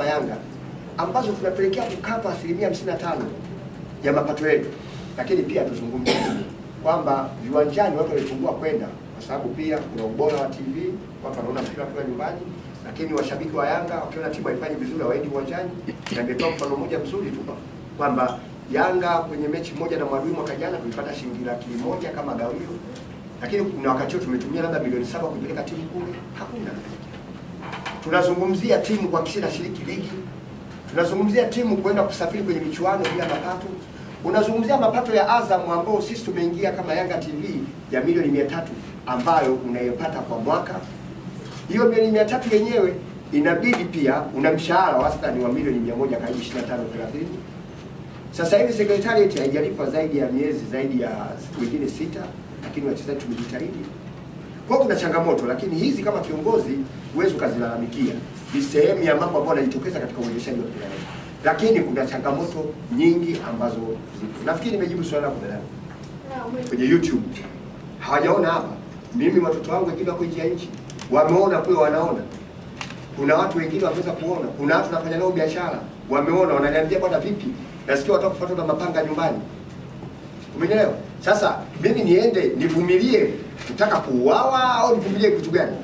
kama Yanga ambazo tunapelekea kukapa asilimia hamsini ya mapato yetu, lakini pia tuzungumze kwamba viwanjani watu walifungua kwenda kwa sababu pia kuna ubora wa TV, watu wanaona mpira kwa nyumbani, lakini washabiki wa Yanga wakiona timu haifanyi vizuri hawaendi uwanjani. Na ningetoa mfano mmoja mzuri tu kwamba Yanga kwenye mechi moja na Mwadui mwaka jana tulipata shilingi laki moja kama gawio, lakini kuna wakati huo tumetumia labda milioni saba kupeleka timu kule, hakuna tunazungumzia timu kuhakikisha inashiriki ligi, tunazungumzia timu kuenda kusafiri kwenye michuano bila mapato, unazungumzia mapato ya Azam ambao sisi tumeingia kama Yanga TV ya milioni mia tatu ambayo unayopata kwa mwaka. Hiyo milioni mia tatu yenyewe inabidi pia una mshahara wastani wa milioni mia moja karibu ishirini na Sasa hivi sekretarieti haijalipwa zaidi ya miezi zaidi ya wengine sita, lakini wachezaji tumejitahidi kwa kuna changamoto, lakini hizi kama kiongozi huwezi ukazilalamikia, ni sehemu ya mambo ambayo yanajitokeza katika uendeshaji wa wilaya. Lakini kuna changamoto nyingi ambazo zipo. Nafikiri nimejibu swali lako mbele kwenye YouTube. Hawajaona hapa, mimi watoto wangu wengine wako nje ya nchi, wameona kule, wanaona kuna watu wengine wameweza kuona, kuna watu nafanya nao biashara wameona, wananiambia bwana, vipi, nasikia watu kufuatwa na mapanga nyumbani. Umenielewa? Sasa mimi niende nivumilie kutaka kuuawa au nivumilie kitu gani?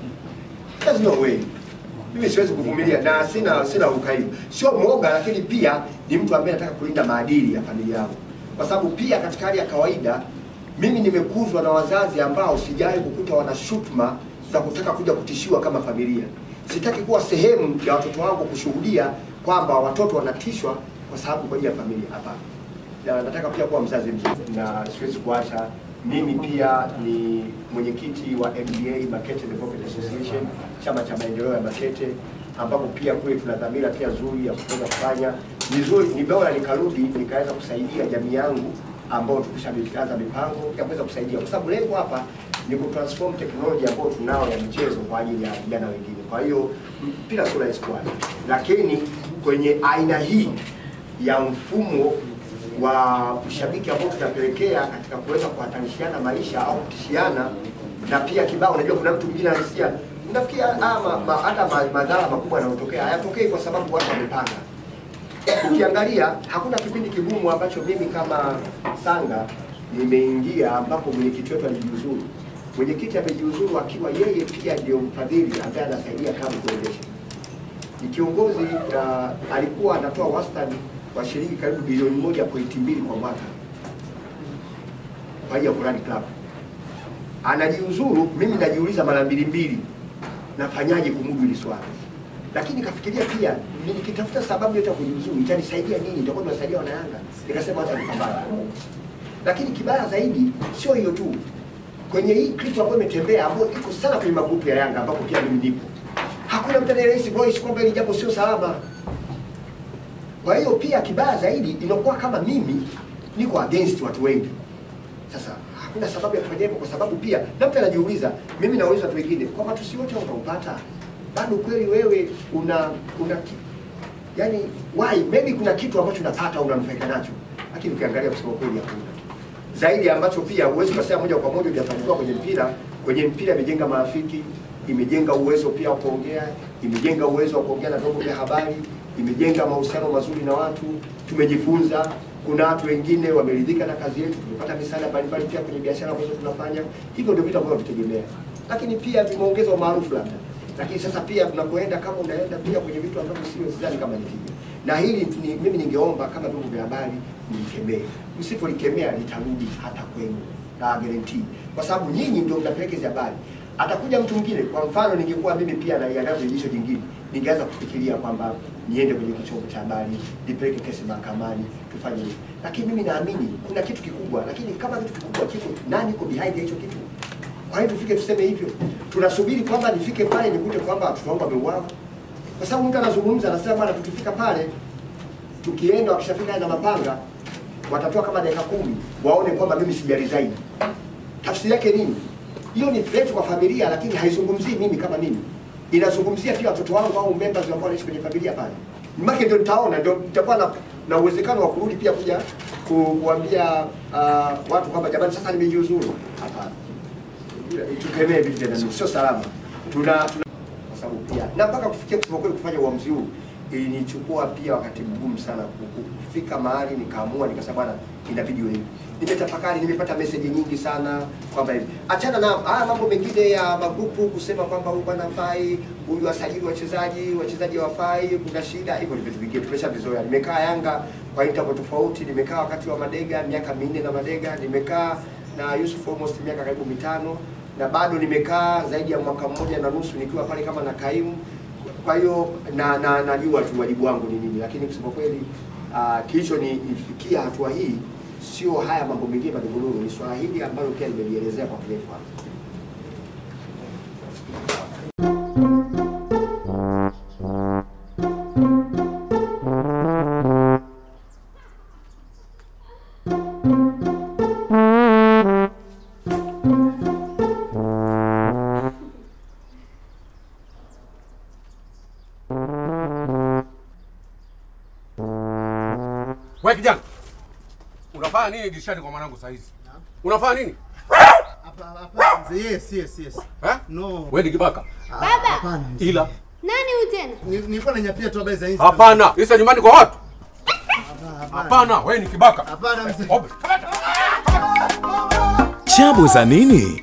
There's no way. Mimi siwezi kuvumilia na sina sina ukaimu. Sio mwoga, lakini pia ni mtu ambaye anataka kulinda maadili ya familia yangu, kwa sababu pia katika hali ya kawaida mimi nimekuzwa na wazazi ambao sijawahi kukuta wana shutuma za kutaka kuja kutishiwa kama familia. Sitaki kuwa sehemu ya watoto wangu kushuhudia kwamba watoto wanatishwa kwa sababu kwa ajili ya familia. Hapana, na nataka pia kuwa mzazi mzuri na siwezi kuacha mimi pia ni mwenyekiti wa MDA Makete Development Association, chama cha maendeleo ya Makete, ambapo pia kule tuna dhamira pia zuri ya kuweza kufanya vizuri. Ni bora nikarudi nikaweza kusaidia jamii yangu ambao tukushaanza mipango ya kuweza kusaidia, kwa sababu lengo hapa ni transform technology ambayo tunao ya michezo kwa ajili ya vijana wengine. Kwa hiyo mpira sio rahisi squad, lakini kwenye aina hii ya mfumo wa ushabiki ambao tunapelekea katika kuweza kuhatarishiana maisha au kutishiana, na pia kibao, unajua kuna mtu mwingine anasikia ma, hata madhara makubwa yanayotokea hayatokei kwa sababu watu wamepanga. Ukiangalia hakuna kipindi kigumu ambacho mimi kama Sanga nimeingia ambapo mwenyekiti wetu alijiuzuru. Mwenyekiti amejiuzuru akiwa yeye pia ndio mfadhili ambaye anasaidia kama kuendesha. Ni kiongozi uh, alikuwa anatoa wastani kwa shilingi karibu bilioni moja pointi mbili kwa mwaka kwa hiyo ya club. Anajiuzuru, mimi najiuliza mara mbili mbili, nafanyaje kumudu hili swala? Lakini kafikiria pia, nikitafuta sababu yote ya kujiuzuru itanisaidia nini? Nitakuwa nimewasaidia Wanayanga. Nikasema acha nipambane. Lakini kibaya zaidi sio hiyo tu, kwenye hii kitu ambayo imetembea ambayo iko sana kwenye magrupu ya Yanga ambapo pia mimi nipo, hakuna mtu anayerahisi voice kwamba ni jambo sio salama. Kwa hiyo pia kibaya zaidi inakuwa kama mimi niko against watu wengi. Sasa hakuna sababu ya kufanya hivyo, kwa sababu pia labda anajiuliza, mimi nauliza watu wengine kwamba tusi wote wanaopata bado kweli wewe una una yani why maybe kuna kitu ambacho unapata unanufaika nacho, lakini ukiangalia kusema kweli hakuna zaidi ambacho pia huwezi kusema moja kwa moja hujafanikiwa kwenye mpira. Kwenye mpira imejenga marafiki, imejenga uwezo pia wa kuongea, imejenga uwezo wa kuongea na vyombo vya habari, imejenga mahusiano mazuri na watu, tumejifunza. Kuna watu wengine wameridhika na kazi yetu, tumepata misaada mbalimbali pia kwenye biashara ambazo tunafanya. Hivyo ndio vitu ambavyo vitegemea, lakini pia vimeongeza umaarufu labda. Lakini sasa pia tunakoenda, kama unaenda pia kwenye vitu ambavyo sio, sidhani kama ni Na hili ni, mimi ningeomba kama vyombo vya habari mlikemee, msipolikemea litarudi hata kwenu na guarantee, kwa sababu nyinyi ndio mnapeleka habari. Atakuja mtu mwingine. Kwa mfano, ningekuwa mimi pia naiandaa jicho jingine, ningeanza kufikiria kwamba niende kwenye kichombo cha habari, nipeleke kesi mahakamani, tufanye hivi. Lakini mimi naamini kuna kitu kikubwa, lakini kama kitu kikubwa kiko, nani iko behind hicho kitu? Kwa hiyo tufike tuseme hivyo. Tunasubiri kwamba nifike pale nikute kwamba watoto wangu wameuawa, kwa sababu mtu anazungumza anasema, bwana, tukifika pale tukienda, wakishafika na mapanga watatoa kama dakika kumi waone kwamba mimi sija resign. Tafsiri yake nini? hiyo ni threat kwa familia, lakini haizungumzii mimi kama mimi, inazungumzia pia watoto wangu au members ambao wanaishi kwenye familia pale. Maki ndio nitaona, ndio nitakuwa na, na uwezekano wa kurudi pia kuja kuambia uh, watu kwamba jamani, sasa nimejiuzuru. Hapana, tukemee vile, sio salama. Tuna, tuna sababu pia na mpaka kufikia kwa kweli kufanya uamuzi huu ilinichukua pia wakati mgumu sana kufika mahali nikaamua nikasema bwana inabidi wewe Nimetafakari, nimepata message nyingi sana kwamba hivi. Achana na haya mambo mengine ya magupu kusema kwamba huyu bwana fai, huyu asajili wachezaji, wachezaji hawafai, kuna shida. Hivyo ni vitu vingine tumeshavizoea. Nimekaa Yanga kwa interval tofauti, nimekaa wakati wa Madega miaka minne na Madega, nimekaa na Yusuf almost miaka karibu mitano na bado nimekaa zaidi ya mwaka mmoja na nusu nikiwa pale kama na kaimu kwa hiyo na na najua tu wajibu wangu ni nini, lakini kusema kweli uh, kilicho ifikia hatua hii sio haya mambo mengine madungulungu, ni swala hili ambalo pia nimejielezea kwa kirefu hapa. unafanya nini dirishani kwa mwanangu saa hizi? Unafanya nini? Hapana, Yes, yes, yes. Eh? No. Wewe ni kibaka. Ah, Baba. Hapana. Ila nani huyu tena? Nilikuwa nanyapia tu habari za Insta. Hapana, Insta nyumbani kwa watu. Hapana, wewe ni kibaka. Hapana mzee. Chabu za nini?